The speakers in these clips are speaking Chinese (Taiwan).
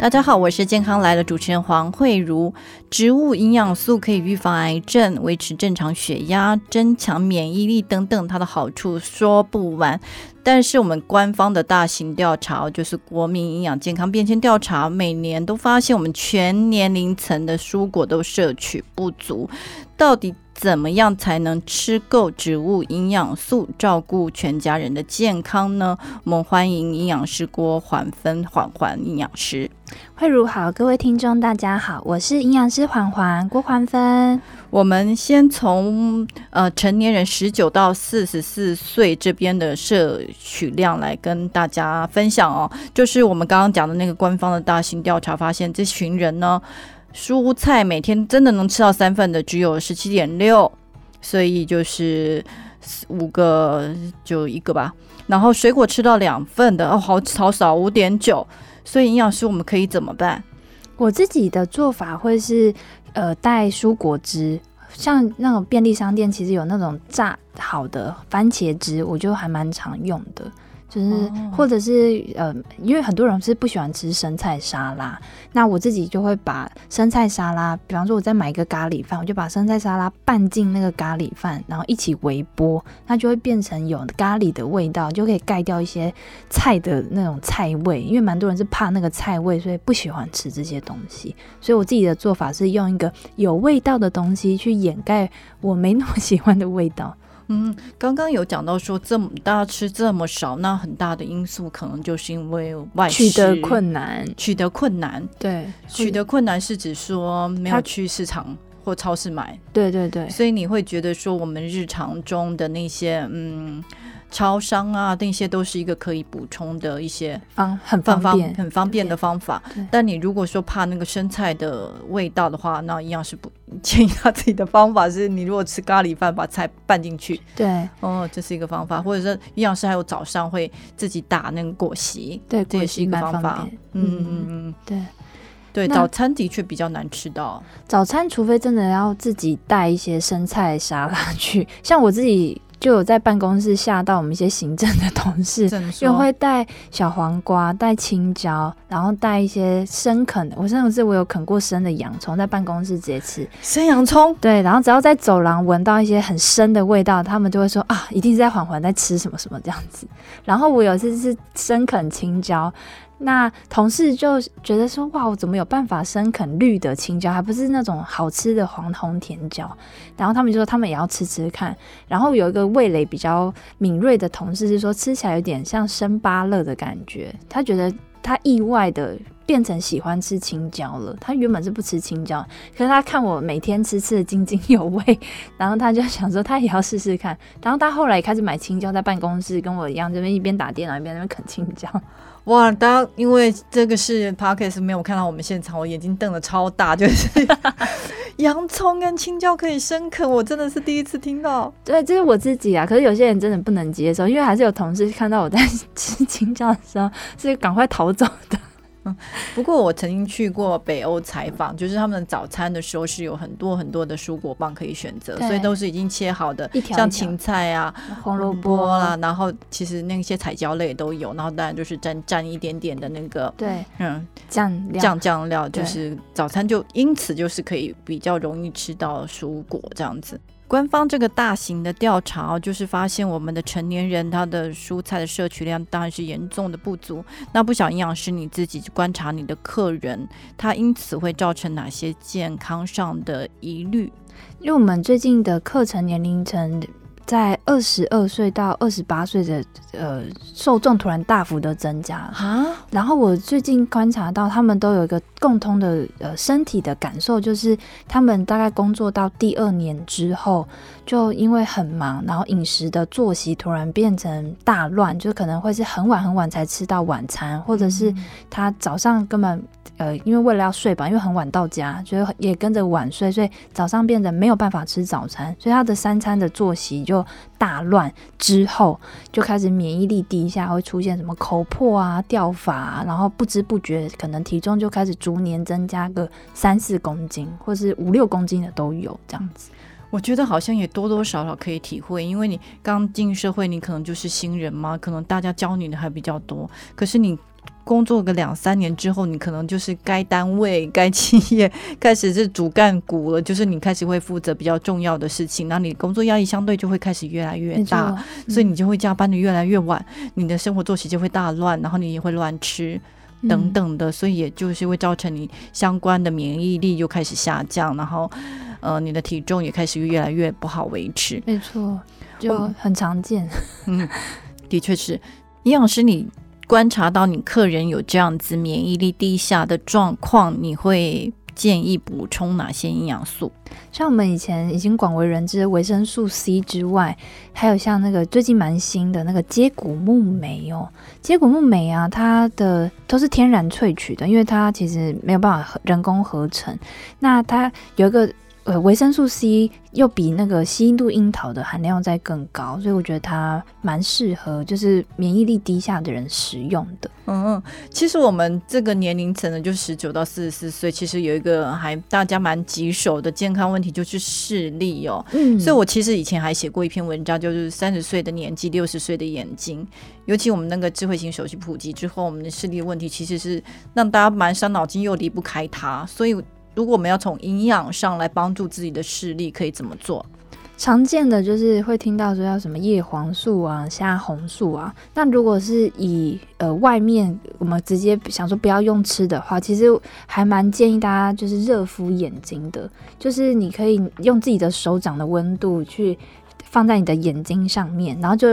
大家好，我是健康萊了主持人黃惠如。植物營養素可以預防癌症、維持正常血壓、增強免疫力等等，它的好處說不完。但是我們官方的大型調查，就是國民營養健康變遷調查，每年都發現我們全年齡層的蔬果都攝取不足，到底怎麼樣才能吃夠植物營養素，照顧全家人的健康呢？我們歡迎營養師郭環棻，環環營養師。惠如好，各位聽眾大家好，我是營養師環環郭環棻。我們先從呃成年人十九到四十四歲這邊的攝取量來跟大家分享哦，就是我們剛剛講的那個官方的大型調查發現，這群人呢。蔬菜每天真的能吃到三份的只有十七點六，所以就是五個就一個吧。然後水果吃到兩份的哦，好，好少少，五點九，9，所以營養師我們可以怎麼辦？我自己的做法會是呃帶蔬果汁，像那種便利商店其實有那種榨好的番茄汁，我就還蠻常用的。就是，或者是呃，因為很多人是不喜歡吃生菜沙拉，那我自己就會把生菜沙拉，比方說我在買一個咖喱飯，我就把生菜沙拉拌進那個咖喱飯，然後一起微波，它就會變成有咖喱的味道，就可以蓋掉一些菜的那種菜味，因為蠻多人是怕那個菜味，所以不喜歡吃這些東西，所以我自己的做法是用一個有味道的東西去掩蓋我沒那麼喜歡的味道。嗯，剛剛有講到說這麼大吃這麼少，那很大的因素可能就是因為外食取得困難，取得困難，對，取得困難是指說沒有去市場或超市買，對對對，所以你會覺得說我們日常中的那些嗯，超商啊那些都是一個可以補充的一些方，啊、很方便很方便的方法，但你如果說怕那個生菜的味道的話，那一樣是不。建議他自己的方法是：你如果吃咖喱飯，把菜拌進去。對，哦，這是一個方法。或者是營養師還有早上會自己打那個果昔。對，這也是一個方法。嗯嗯嗯，嗯對，對，那早餐的確比較難吃到。早餐除非真的要自己帶一些生菜的沙拉去，像我自己。就有在辦公室嚇到我們一些行政的同事，就會帶小黃瓜、帶青椒，然後帶一些生啃。我上次我有啃過生的洋蔥，在辦公室直接吃生洋蔥。對，然後只要在走廊聞到一些很生的味道，他們就會說啊，一定是在環環在吃什麼什麼這樣子。然後我有一次是生啃青椒，那同事就覺得說，哇，我怎麼有辦法生啃綠的青椒，還不是那種好吃的黃紅甜椒？然後他們就說他們也要吃吃看。然後有一個味蕾比較敏銳的同事就是說，吃起來有點像生芭樂的感覺。他覺得他意外的變成喜歡吃青椒了。他原本是不吃青椒，可是他看我每天吃吃的津津有味，然後他就想說他也要試試看。然後他後來也開始買青椒，在辦公室跟我一樣，這邊一邊打電腦，一邊在那邊啃青椒。哇！當因為這個是 podcast 沒有看到我們現場，我眼睛瞪得超大，就是 洋蔥跟青椒可以生啃，我真的是第一次聽到。對，這是我自己啊。可是有些人真的不能接受，因為還是有同事看到我在吃青椒的時候，是趕快逃走的。 嗯，不過我曾經去過北歐採訪， 就是他們早餐的時候是有很多很多的蔬果棒可以選擇，對所以都是已經切好的，一條一條像芹菜啊、紅蘿蔔啦、紅蘿蔔啊、然後其實那些彩椒類都有，然後當然就是蘸蘸一點點的那個對，嗯，醬，料醬醬料，就是早餐就對因此就是可以比較容易吃到蔬果這樣子。官方這個大型的調查，就是發現我們的成年人他的蔬菜的攝取量當然是嚴重的不足。那不想營養師你自己去觀察你的客人，他因此會造成哪些健康上的疑慮？因為我們最近的課程年齡層。在二十二歲到二十八歲的呃受眾突然大幅的增加蛤然後我最近觀察到，他們都有一個共通的呃身體的感受，就是他們大概工作到第二年之後。就因為很忙，然後飲食的作息突然變成大亂，就是可能會是很晚很晚才吃到晚餐，或者是他早上根本呃，因為為了要睡吧，因為很晚到家，所以也跟着晚睡，所以早上變得沒有辦法吃早餐，所以他的三餐的作息就大亂，之後就開始免疫力低下，會出現什麼口破啊、掉髮啊，然後不知不覺可能體重就開始逐年增加個三四公斤，或是五六公斤的都有，這樣子。我覺得好像也多多少少可以體會，因為你剛進社會，你可能就是新人嘛，可能大家教你的還比較多。可是你工作個兩三年之後，你可能就是該單位、該企業開始是主幹股了，就是你開始會負責比較重要的事情，那你工作壓力相對就會開始越來越大，哦嗯、所以你就會加班的越來越晚，你的生活作息就會大亂，然後你也會亂吃。等等的，所以也就是會造成你相關的免疫力又開始下降，然後，呃，你的體重也開始越來越不好維持。沒錯，就很常見。嗯，的確是。營養師，你觀察到你客人有這樣子免疫力低下的狀況，你會？建議補充哪些營養素？像我們以前已經廣為人知的維生素 C 之外，還有像那個最近蠻新的那個接骨木莓哦。接骨木莓啊，它的都是天然萃取的，因為它其實沒有辦法合人工合成。那它有一個。呃，維生素 C 又比那個西印度櫻桃的含量再更高，所以我覺得它蠻適合，就是免疫力低下的人食用的。嗯嗯，其實我們這個年齡層呢，就十九到四十四歲，其實有一個還大家蠻棘手的健康問題，就是視力哦。嗯。所以我其實以前還寫過一篇文章，就是三十歲的年紀，六十歲的眼睛。尤其我們那個智慧型手機普及之後，我們的視力問題其實是讓大家蠻傷腦筋，又離不開它，所以。如果我們要從營養上來幫助自己的視力，可以怎麼做？常見的就是會聽到說要什麼葉黃素啊、蝦紅素啊。那如果是以呃外面我們直接想說不要用吃的話，其實還蠻建議大家就是熱敷眼睛的，就是你可以用自己的手掌的溫度去放在你的眼睛上面，然後就。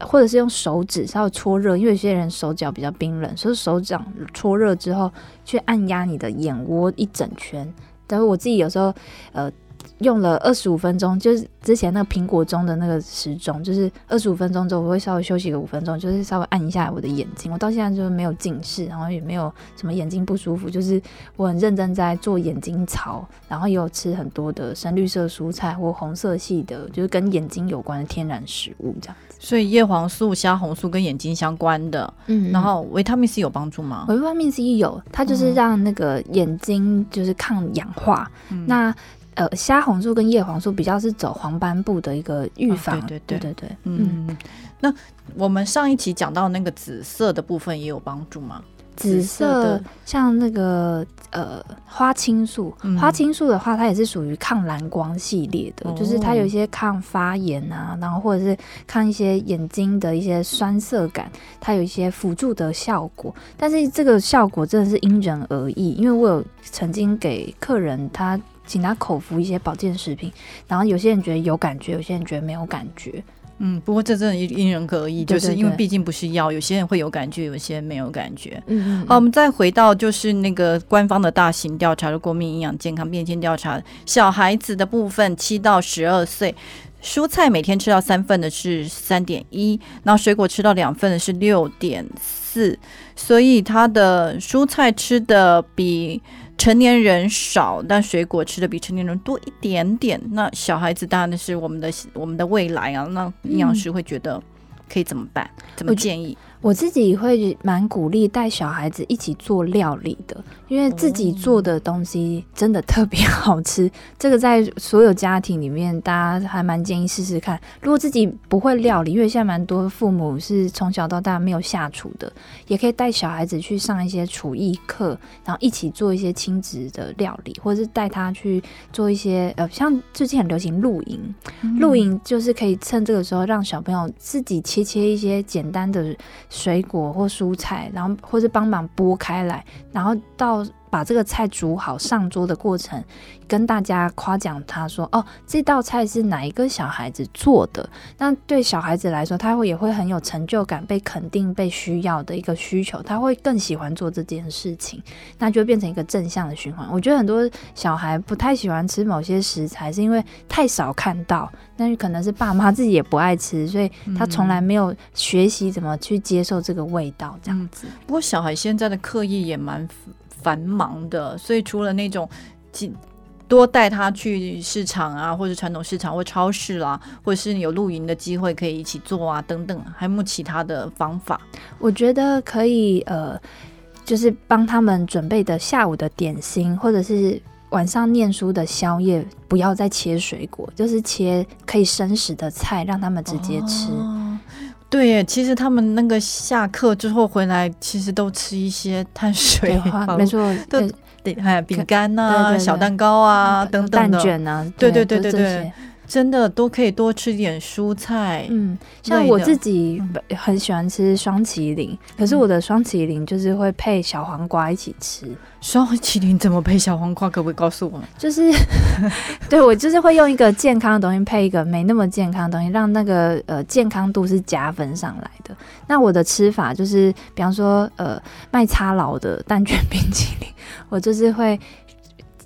或者是用手指，稍微搓熱，因為有些人手腳比較冰冷，所以手掌搓熱之後去按壓你的眼窩一整圈。但是我自己有時候，呃。用了二十五分鐘，就是之前那個蘋果中的那個時鐘，就是二十五分鐘之後我會稍微休息個五分鐘，就是稍微按一下我的眼睛。我到現在就是沒有近視，然後也沒有什麼眼睛不舒服，就是我很認真在做眼睛操，然後也有吃很多的深綠色蔬菜或紅色系的，就是跟眼睛有關的天然食物這樣子。所以葉黃素、蝦紅素跟眼睛相關的，嗯，嗯，然後維他命 C 有幫助嗎？維他命 C 有，它就是讓那個眼睛就是抗氧化。嗯，那呃，蝦紅素跟葉黃素比較是走黃斑部的一個預防，哦，對對對對，對對。嗯，嗯，那我們上一期講到那個紫色的部分也有幫助嗎？紫色像那個的呃花青素，嗯，花青素的話，它也是屬於抗藍光系列的，嗯，就是它有一些抗發炎啊，然後或者是抗一些眼睛的一些酸澀感，它有一些輔助的效果。但是這個效果真的是因人而異，因為我有曾經給客人他。請他口服一些保健食品，然後有些人覺得有感覺，有些人覺得沒有感覺。嗯，不過這真的因人而異，對對對。就是因為畢竟不是藥，有些人會有感覺，有些人沒有感覺。嗯，嗯嗯。好，啊，我們再回到就是那個官方的大型調查的國民營養健康變遷調查，小孩子的部分，七到十二歲，蔬菜每天吃到三份的是三點一，然後水果吃到兩份的是六點四，所以他的蔬菜吃的比。成年人少，但水果吃的比成年人多一點點。那小孩子當然是我們的我們的未來啊！那營養師會覺得可以怎麼辦？嗯、怎麼建議？我自己會蠻鼓勵帶小孩子一起做料理的，因為自己做的東西真的特別好吃。這個在所有家庭裡面，大家還蠻建議試試看。如果自己不會料理，因為現在蠻多父母是從小到大沒有下廚的，也可以帶小孩子去上一些廚藝課，然後一起做一些親子的料理，或者是帶他去做一些呃，像最近很流行露營，露營就是可以趁這個時候讓小朋友自己切切一些簡單的。水果或蔬菜，然後或是幫忙剝開來，然後到把這個菜煮好上桌的過程，跟大家誇獎他說：“哦，這道菜是哪一個小孩子做的？”那對小孩子來說，他會也會很有成就感，被肯定、被需要的一個需求，他會更喜歡做這件事情，那就變成一個正向的循環。我覺得很多小孩不太喜歡吃某些食材，是因為太少看到，那可能是爸媽自己也不愛吃，所以他從來沒有學習怎麼去接受這個味道、嗯、這樣子。不過，小孩現在的刻意也蠻。繁忙的，所以除了那種，多帶他去市場啊，或者傳統市場或超市啦、啊，或者是你有露營的機會可以一起做啊，等等，還有沒有其他的方法？我覺得可以，呃，就是幫他們準備的下午的點心，或者是晚上念書的宵夜，不要再切水果，就是切可以生食的菜，讓他們直接吃。哦。對，其實他們那個下課之後回來，其實都吃一些碳水，對啊、就沒錯，都得、哎、餅乾吶、啊，對對對小蛋糕啊，嗯、等等的蛋卷，對對對對對。真的都可以多吃點蔬菜，嗯，像我自己很喜歡吃霜淇淋，嗯、可是我的霜淇淋就是會配小黃瓜一起吃。霜淇淋怎麼配小黃瓜？可不可以告訴我？就是， 對我就是會用一個健康的東西配一個沒那麼健康的東西，讓那個呃健康度是加分上來的。那我的吃法就是，比方說呃麥當勞的蛋卷冰淇淋，我就是會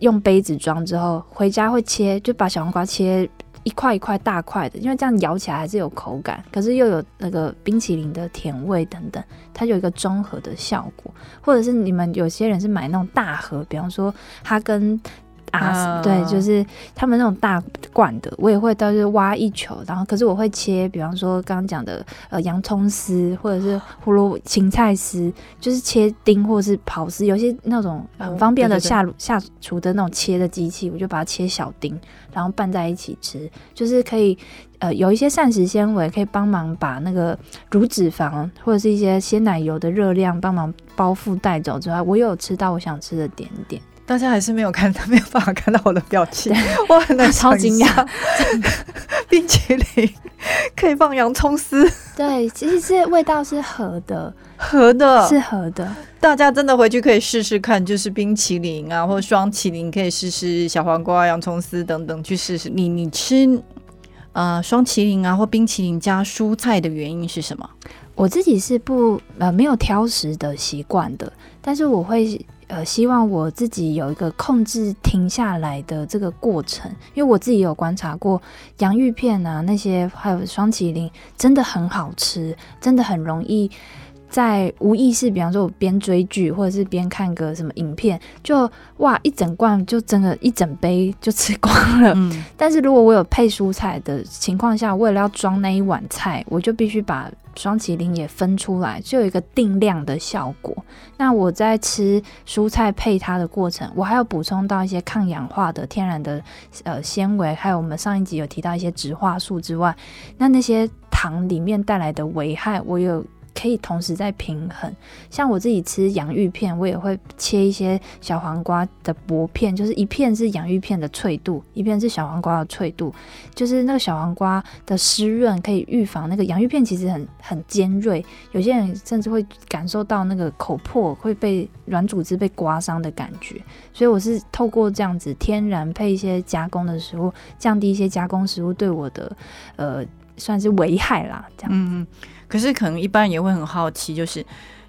用杯子裝之後回家會切，就把小黃瓜切。一塊一塊大塊的，因為這樣咬起來還是有口感，可是又有那個冰淇淋的甜味等等，它有一個綜合的效果。或者是你們有些人是買那種大盒，比方說它跟。啊，oh. 對，就是他們那種大罐的，我也會倒是挖一球，然後可是我會切，比方說剛剛講的呃洋蔥絲或者是胡蘿蔔、芹菜絲，就是切丁或者是刨絲，有些那種很方便的下、oh, 對對對下廚的那種切的機器，我就把它切小丁，然後拌在一起吃，就是可以呃有一些膳食纖維可以幫忙把那個乳脂肪或者是一些鮮奶油的熱量幫忙包覆帶走之外，我也有吃到我想吃的點點。大家還是沒有看到，沒有辦法看到我的表情，對我很難超驚訝。真的，冰淇淋可以放洋蔥絲？對，其實這味道是合的，合的，是合的。大家真的回去可以試試看，就是冰淇淋啊，或霜淇淋可以試試小黃瓜、洋蔥絲等等去試試。你你吃呃霜淇淋啊，或冰淇淋加蔬菜的原因是什麼？我自己是不呃沒有挑食的習慣的，但是我會。呃，希望我自己有一個控制停下來的這個過程，因為我自己有觀察過洋芋片啊，那些還有霜淇淋，真的很好吃，真的很容易在無意識，比方說我邊追劇或者是邊看個什麼影片，就哇一整罐就整個一整杯就吃光了。嗯，但是如果我有配蔬菜的情況下，為了要裝那一碗菜，我就必須把。雙麒麟也分出來，就有一個定量的效果。那我在吃蔬菜配它的過程，我還要補充到一些抗氧化的天然的呃纖維，還有我們上一集有提到一些植化素之外，那那些糖裡面帶來的危害，我有。可以同時在平衡，像我自己吃洋芋片，我也會切一些小黃瓜的薄片，就是一片是洋芋片的脆度，一片是小黃瓜的脆度，就是那個小黃瓜的濕潤可以預防那個洋芋片其實很很尖銳，有些人甚至會感受到那個口破會被軟組織被刮傷的感覺，所以我是透過這樣子天然配一些加工的食物，降低一些加工食物對我的呃。算是危害啦，這樣子。嗯嗯，可是可能一般人也會很好奇，就是。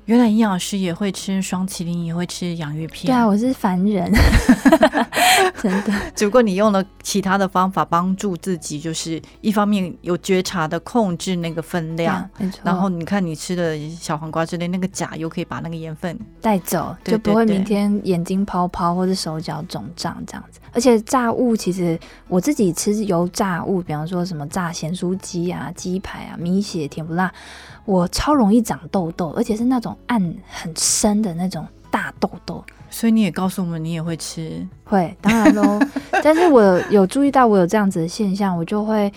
原來營養師也會吃霜淇淋，也會吃洋芋片。對啊，我是凡人， 真的。 只不過你用了其他的方法幫助自己，就是一方面有覺察的控制那個分量，嗯、然後你看你吃的小黃瓜之類，那個鉀又可以把那個鹽分帶走，對對對，就不會明天眼睛泡泡或是手腳腫脹這樣子。而且炸物其實我自己吃油炸物，比方說什麼炸鹹酥雞啊、雞排啊、米血甜不辣。我超容易長痘痘，而且是那種暗很深的那種大痘痘。所以你也告訴我們，你也會吃？會，當然嘍。 但是我有注意到我有這樣子的現象，我就會，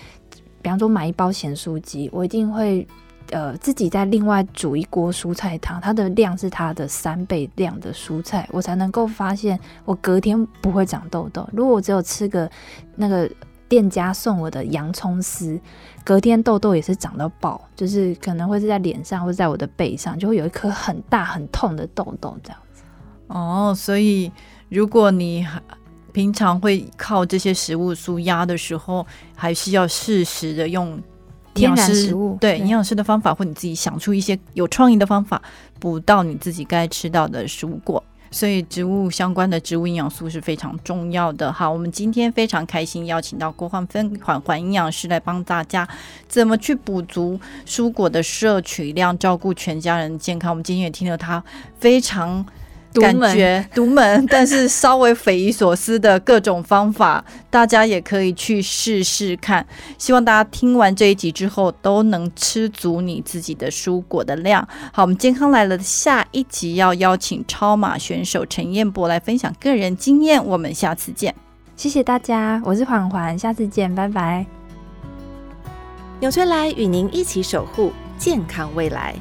比方說買一包鹹酥雞，我一定會，呃，自己再另外煮一鍋蔬菜湯，它的量是它的三倍量的蔬菜，我才能夠發現我隔天不會長痘痘。如果我只有吃個那個。店家送我的洋蔥絲，隔天痘痘也是長到爆，就是可能會是在臉上，或者在我的背上，就會有一顆很大很痛的痘痘這樣子。哦，所以如果你平常會靠這些食物舒壓的時候，還是要適時的用天然食物，食物，對，營養師的方法，對或你自己想出一些有創意的方法，補到你自己該吃到的蔬果。所以植物相關的植物營養素是非常重要的。好，我們今天非常開心邀請到郭環棻環環營養師來幫大家怎麼去補足蔬果的攝取量，照顧全家人健康。我們今天也聽了他非常。獨感覺獨門， 但是稍微匪夷所思的各種方法， 大家也可以去試試看。希望大家聽完這一集之後，都能吃足你自己的蔬果的量。好，我們健康來了，下一集要邀請超馬選手陳彥博來分享個人經驗。我們下次見，謝謝大家，我是環環，下次見，拜拜。紐崔萊與您一起守護健康未來。